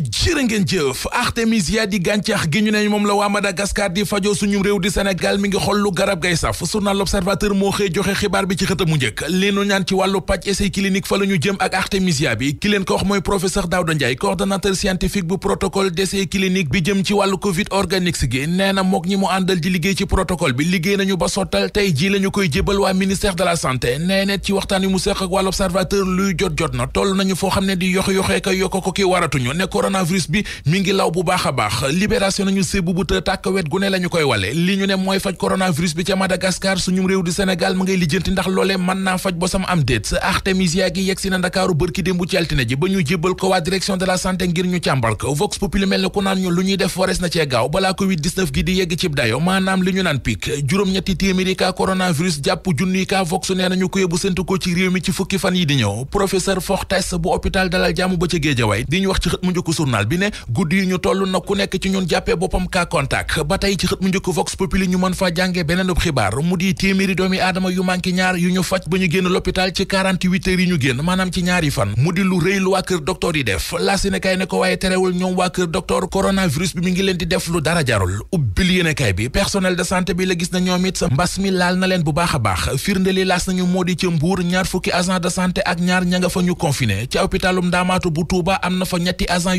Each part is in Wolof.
jërë ngeen jëf artémisia di gàncax gi ñu ne moom la waa Madagascar di fajoo suñu réew di Sénégal mi ngi xool garab gay saf journal l'Observateur moo xëy joxe xibaar bi ci xët mu njëkk leenu ñaan ci wàllu paj essai clinique fa la jëm ak artémisia bi ki leen ko wax mooy professeur Daouda Ndiaye scientifique bu protocole d'essai clinique bi jëm ci wàllu Covid organique gi nee mook ñi mu àndal di liggéey ci protocole bi liggéey nañu ba sottal coronavirus bi mi ngi law bu baax a baax libération nañu sébu bu të tàkk wet gu ne la ñu koy wale li ñu ne mooy faj coronavirus bi ca Madagascar suñu réew di Sénégal mu ngay lijjanti ndax loolee mën naa faj bosam am déet artémisia gi yegsi na Ndakaaru bërki démbu ci ji ba ñu jébbal ko waa direction de la santé ngir ñu càmbar vox populi mel ne ku naan ñu def warees na cee balaa covid gi di yegg cib dayo maanaam li ñu naan pic juróom journal bi ne guddi yi ñu toll na ku nekk ci ñun jàppee boppam cas contact ba tey ci xët mu njëkk vox populi ñu mën faa jàngee beneen xibaar mu di téeméeri doomi aadama yu manqué ñaar yu ñu faj ba ñu génn l'hôpital ci 48 ñu génn maanaam ci ñaari fan mu di lu rëy lu waa kër docteur yi def la sinekaay ne ko waaye terewul ñoom waa kër docteur coronavirus bi mi ngi leen di def lu dara jarul ubbil yéenekaay bi personnel de santé bi la gis na ñoom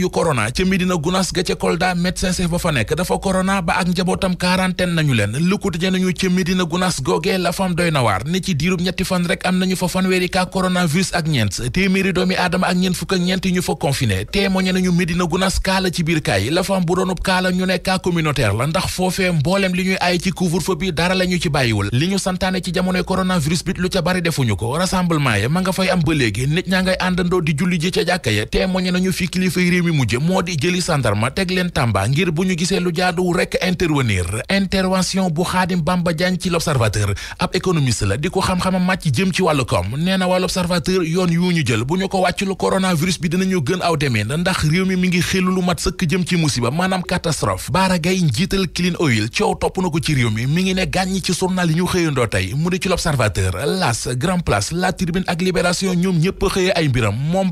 yu corona ca Medina Gounass ga ca Kolda médecin chef ba fa nekk dafa corona ba ak njabootam quarantaine nañu leen lu quotidien nañu ca médina Gounass googee la fam doy na waar ne ci diirub ñetti fan rek am nañu fa fanweeri cas coronavirus ak ñeent téeméeri doomi aadama ak ñeent fukk ak ñeent ñu fa confiné témoigné nañu Medina Gounass kaala ci biir kaay la fam bu doonub kaala ñu ne cas communautaire la ndax foofee mbooleem li ñuy aay ci couvre-feu bi dara la ñu ci bàyyiwul li ñu santaane ci jamonoy coronavirus bi lu ca bari defuñu ko rassemblement ya ma nga fay am ba léegi nit ñaa ngay àndandoo di julli ji ca bi mujje moo di jëli sandarma teg leen Tamba ngir bu ñu gisee lu jaaduwul rek intervenir intervention bu Xaadim Bamba Diagne ci l'observateur ab économiste la di ko xam-xamam màcc jëm ci wàllu koom nee na wàllu yoon yu ñu jël bu ñu ko wàcc lu coronavirus bi dinañu gën aw demee ndax réew mi mi ngi xelu lu mat sëkk jëm ci musiba maanaam catastrophe Baara Gaye njiital Clean Oil coow topp na ko ci réew mi mi ngi ne gàññi ci journal yi ñu la tribune ak libération ñoom ñëpp xëyee ay mbiram moom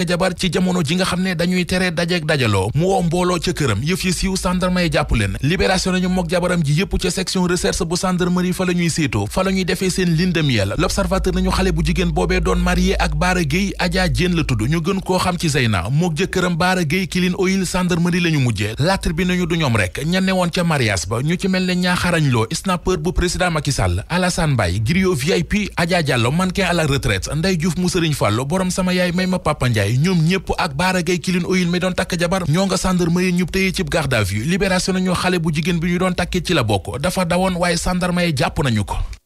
takk jabar ci jamono ji nga xam ne dañuy tere dajeek dajaloo mu woo ca këram yëf yi siiw gendarme yi jàpp leen libération nañu mook jabaram ji yëpp ca section recherche bu gendarmerie fa la ñuy fa la defee seen lune de miel l'observateur nañu xale bu jigéen boobee doon marié ak Baara Gueye Adja la tudd ñu gën koo xam ci Zeyna mook jëkkëram Baara Gueye Kilin Oil gendarmerie la ñu mujjee laatr bi nañu du ñoom rek ña newoon ca mariage ba ñu ci mel ne ñaaxarañ loo snapper bu président Macky Sall Alassane Mbaye griot VIP Adja Diallo mannequin à la retraite Ndeye Diouf mu borom sama yaay may ma Papa Ndiaye Ndiaye ñoom ñëpp ak Baara Gaye kilin oyil mi doon takk jabar ñoo nga gendarmerie ñub tëyee cib garde à vue libération nañu xale bu jigéen bi ñu doon takkee ci la bokk dafa dawoon waaye gendarme yi jàpp nañu ko